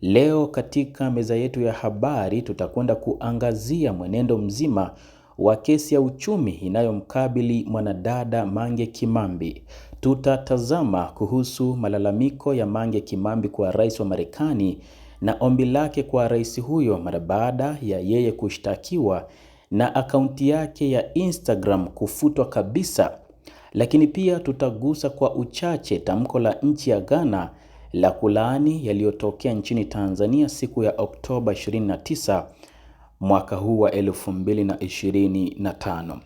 Leo katika meza yetu ya habari tutakwenda kuangazia mwenendo mzima wa kesi ya uchumi inayomkabili mwanadada Mange Kimambi. Tutatazama kuhusu malalamiko ya Mange Kimambi kwa rais wa Marekani na ombi lake kwa rais huyo mara baada ya yeye kushtakiwa na akaunti yake ya Instagram kufutwa kabisa. Lakini pia tutagusa kwa uchache tamko la nchi ya Ghana la kulaani yaliyotokea nchini Tanzania siku ya Oktoba 29 mwaka huu wa 2025.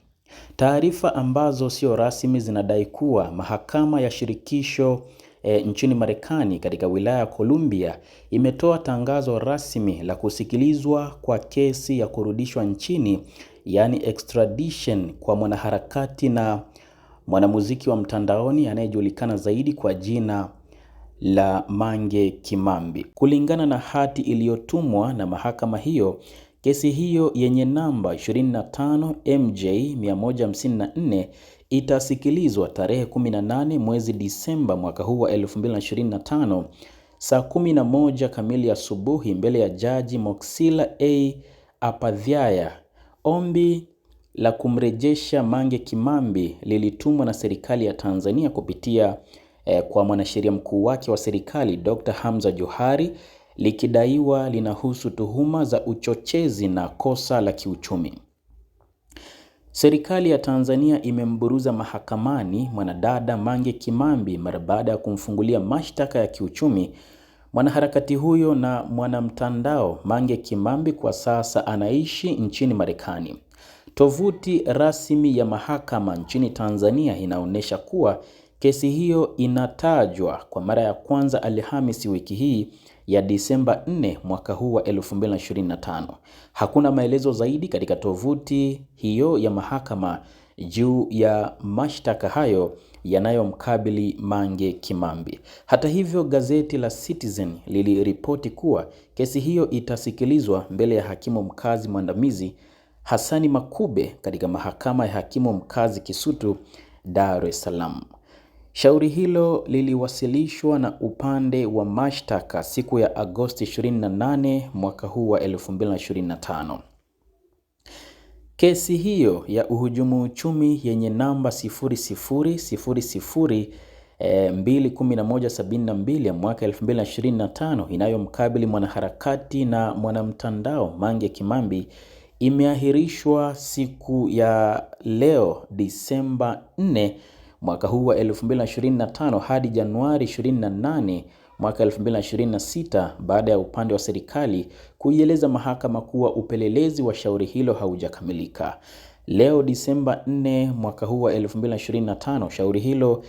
Taarifa ambazo sio rasmi zinadai kuwa mahakama ya shirikisho e, nchini Marekani katika wilaya ya Columbia imetoa tangazo rasmi la kusikilizwa kwa kesi ya kurudishwa nchini yaani extradition kwa mwanaharakati na mwanamuziki wa mtandaoni anayejulikana zaidi kwa jina la Mange Kimambi. Kulingana na hati iliyotumwa na mahakama hiyo, kesi hiyo yenye namba 25 MJ 154 itasikilizwa tarehe 18 mwezi Disemba mwaka huu wa 2025 saa 11 kamili asubuhi mbele ya Jaji Moxila A Apadhyaya. Ombi la kumrejesha Mange Kimambi lilitumwa na serikali ya Tanzania kupitia eh, kwa mwanasheria mkuu wake wa serikali Dr. Hamza Johari likidaiwa linahusu tuhuma za uchochezi na kosa la kiuchumi. Serikali ya Tanzania imemburuza mahakamani mwanadada Mange Kimambi mara baada ya kumfungulia mashtaka ya kiuchumi. Mwanaharakati huyo na mwanamtandao Mange Kimambi kwa sasa anaishi nchini Marekani. Tovuti rasmi ya mahakama nchini Tanzania inaonyesha kuwa Kesi hiyo inatajwa kwa mara ya kwanza Alhamisi wiki hii ya Disemba 4 mwaka huu wa 2025. Hakuna maelezo zaidi katika tovuti hiyo ya mahakama juu ya mashtaka hayo yanayomkabili Mange Kimambi. Hata hivyo, gazeti la Citizen liliripoti kuwa kesi hiyo itasikilizwa mbele ya hakimu mkazi mwandamizi hasani Makube katika mahakama ya hakimu mkazi Kisutu, Dar es Salaam. Shauri hilo liliwasilishwa na upande wa mashtaka siku ya Agosti 28 mwaka huu wa 2025. Kesi hiyo ya uhujumu uchumi yenye namba 0000 21172 eh, ya mwaka 2025 inayomkabili mwanaharakati na mwanamtandao Mange Kimambi imeahirishwa siku ya leo Disemba 4 mwaka huu wa 2025 hadi Januari 28 mwaka 2026 baada ya upande wa serikali kuieleza mahakama kuwa upelelezi wa shauri hilo haujakamilika. Leo Disemba 4 mwaka huu wa 2025, shauri hilo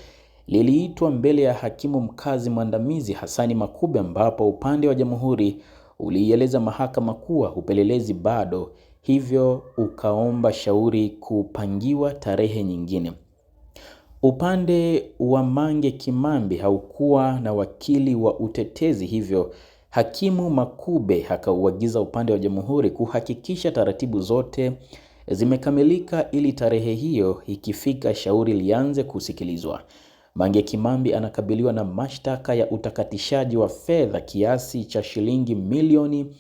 liliitwa mbele ya hakimu mkazi mwandamizi hasani Makube, ambapo upande wa jamhuri uliieleza mahakama kuwa upelelezi bado, hivyo ukaomba shauri kupangiwa tarehe nyingine. Upande wa Mange Kimambi haukuwa na wakili wa utetezi hivyo Hakimu Makube akauagiza upande wa Jamhuri kuhakikisha taratibu zote zimekamilika ili tarehe hiyo ikifika shauri lianze kusikilizwa. Mange Kimambi anakabiliwa na mashtaka ya utakatishaji wa fedha kiasi cha shilingi milioni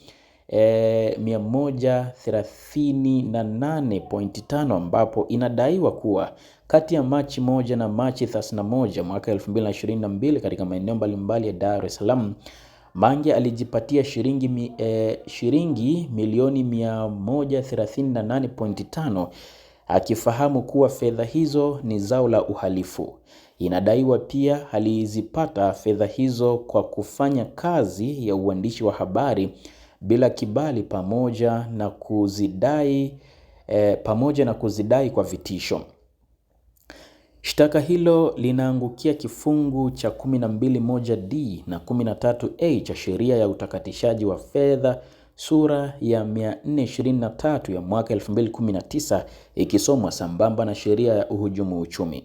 eh, 138.5 ambapo inadaiwa kuwa kati ya Machi moja na Machi 31 mwaka 2022 katika maeneo mbalimbali ya Dar es Salaam Mange alijipatia shilingi eh, shilingi milioni 138.5 akifahamu kuwa fedha hizo ni zao la uhalifu. Inadaiwa pia alizipata fedha hizo kwa kufanya kazi ya uandishi wa habari bila kibali pamoja na kuzidai e, pamoja na kuzidai kwa vitisho. Shtaka hilo linaangukia kifungu cha 121d na 13a cha sheria ya utakatishaji wa fedha sura ya 423 ya mwaka 2019 ikisomwa sambamba na sheria ya uhujumu uchumi.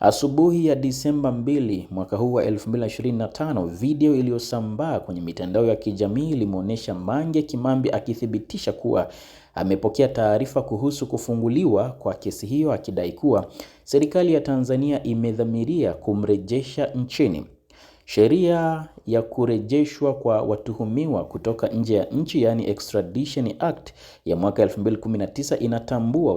Asubuhi ya Disemba 2 mwaka huu wa 2025, video iliyosambaa kwenye mitandao ya kijamii ilimwonyesha Mange Kimambi akithibitisha kuwa amepokea taarifa kuhusu kufunguliwa kwa kesi hiyo, akidai kuwa serikali ya Tanzania imedhamiria kumrejesha nchini. Sheria ya kurejeshwa kwa watuhumiwa kutoka nje ya nchi, yani Extradition Act ya mwaka 2019 inatambua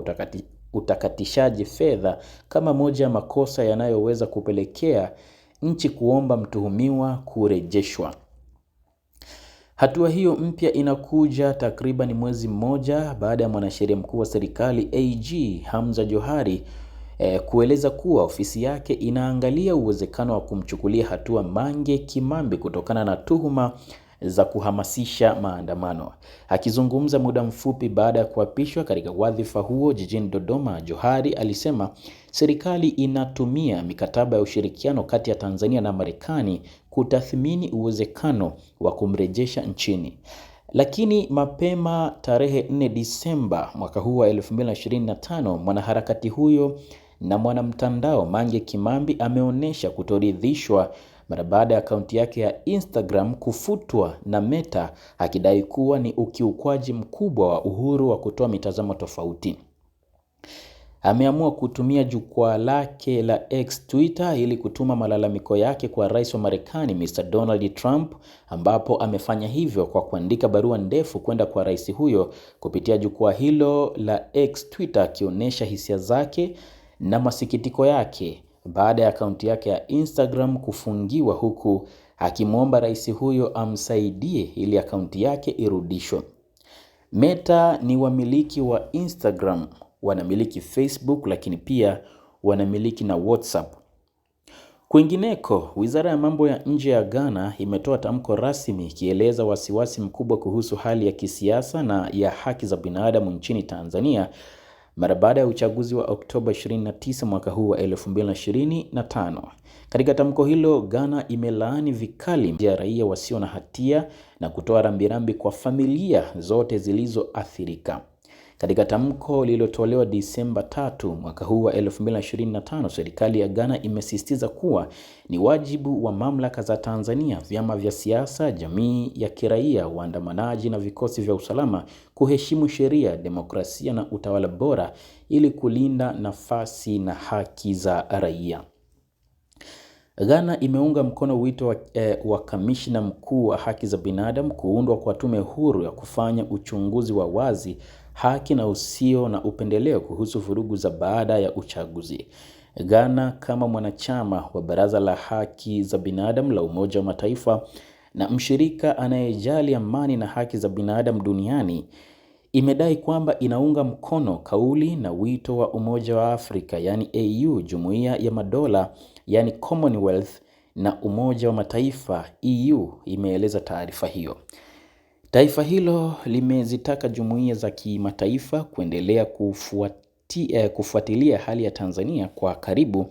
utakatishaji fedha kama moja ya makosa yanayoweza kupelekea nchi kuomba mtuhumiwa kurejeshwa. Hatua hiyo mpya inakuja takriban mwezi mmoja baada ya mwanasheria mkuu wa serikali AG Hamza Johari eh, kueleza kuwa ofisi yake inaangalia uwezekano wa kumchukulia hatua Mange Kimambi kutokana na tuhuma za kuhamasisha maandamano. Akizungumza muda mfupi baada ya kuapishwa katika wadhifa huo jijini Dodoma, Johari alisema serikali inatumia mikataba ya ushirikiano kati ya Tanzania na Marekani kutathmini uwezekano wa kumrejesha nchini. Lakini mapema tarehe 4 Disemba mwaka huu wa 2025, mwanaharakati huyo na mwanamtandao Mange Kimambi ameonyesha kutoridhishwa mara baada ya akaunti yake ya Instagram kufutwa na Meta akidai kuwa ni ukiukwaji mkubwa wa uhuru wa kutoa mitazamo tofauti. Ameamua kutumia jukwaa lake la X Twitter ili kutuma malalamiko yake kwa Rais wa Marekani Mr. Donald Trump ambapo amefanya hivyo kwa kuandika barua ndefu kwenda kwa rais huyo kupitia jukwaa hilo la X Twitter akionyesha hisia zake na masikitiko yake baada ya akaunti yake ya Instagram kufungiwa huku akimwomba rais huyo amsaidie ili akaunti yake irudishwe. Meta ni wamiliki wa Instagram, wanamiliki Facebook, lakini pia wanamiliki na WhatsApp. Kwingineko, Wizara ya Mambo ya Nje ya Ghana imetoa tamko rasmi ikieleza wasiwasi mkubwa kuhusu hali ya kisiasa na ya haki za binadamu nchini Tanzania mara baada ya uchaguzi wa Oktoba 29 mwaka huu wa 2025. Katika tamko hilo, Ghana imelaani vikali ya raia wasio na hatia na kutoa rambirambi kwa familia zote zilizoathirika. Katika tamko lililotolewa Disemba 3 mwaka huu wa 2025, serikali ya Ghana imesisitiza kuwa ni wajibu wa mamlaka za Tanzania, vyama vya siasa, jamii ya kiraia, waandamanaji na vikosi vya usalama kuheshimu sheria, demokrasia na utawala bora ili kulinda nafasi na haki za raia. Ghana imeunga mkono wito wa, eh, wa kamishna mkuu wa haki za binadamu kuundwa kwa tume huru ya kufanya uchunguzi wa wazi haki na usio na upendeleo kuhusu vurugu za baada ya uchaguzi. Ghana kama mwanachama wa Baraza la Haki za Binadamu la Umoja wa Mataifa na mshirika anayejali amani na haki za binadamu duniani imedai kwamba inaunga mkono kauli na wito wa Umoja wa Afrika yani AU, Jumuiya ya Madola yani Commonwealth na Umoja wa Mataifa EU, imeeleza taarifa hiyo. Taifa hilo limezitaka jumuiya za kimataifa kuendelea kufuatia, eh, kufuatilia hali ya Tanzania kwa karibu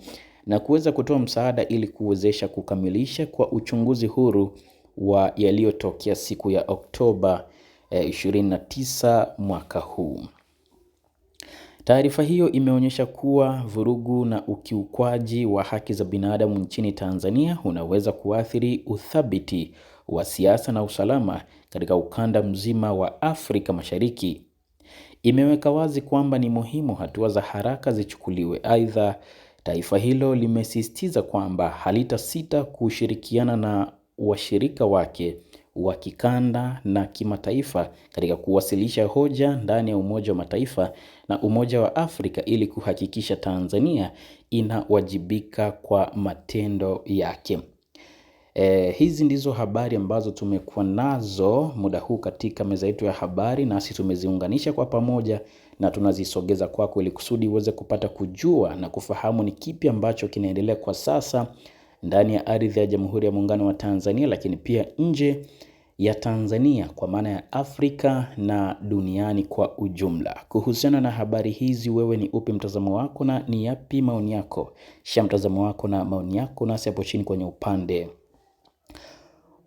na kuweza kutoa msaada ili kuwezesha kukamilisha kwa uchunguzi huru wa yaliyotokea siku ya Oktoba eh, 29 mwaka huu. Taarifa hiyo imeonyesha kuwa vurugu na ukiukwaji wa haki za binadamu nchini Tanzania unaweza kuathiri uthabiti wa siasa na usalama katika ukanda mzima wa Afrika Mashariki imeweka wazi kwamba ni muhimu hatua za haraka zichukuliwe. Aidha, taifa hilo limesisitiza kwamba halitasita kushirikiana na washirika wake wa kikanda na kimataifa katika kuwasilisha hoja ndani ya Umoja wa Mataifa na Umoja wa Afrika ili kuhakikisha Tanzania inawajibika kwa matendo yake. E, hizi ndizo habari ambazo tumekuwa nazo muda huu katika meza yetu ya habari, nasi tumeziunganisha kwa pamoja na tunazisogeza kwako ili kusudi uweze kupata kujua na kufahamu ni kipi ambacho kinaendelea kwa sasa ndani ya ardhi ya Jamhuri ya Muungano wa Tanzania, lakini pia nje ya Tanzania kwa maana ya Afrika na duniani kwa ujumla. Kuhusiana na habari hizi, wewe ni upi mtazamo wako na ni yapi maoni yako? Shia mtazamo wako na maoni yako nasi hapo chini kwenye upande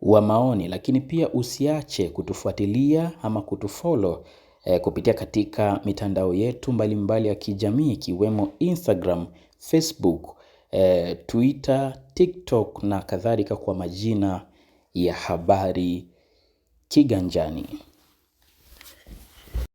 wa maoni, lakini pia usiache kutufuatilia ama kutufollow eh, kupitia katika mitandao yetu mbalimbali mbali ya kijamii ikiwemo Instagram, Facebook, eh, Twitter, TikTok na kadhalika kwa majina ya Habari Kiganjani.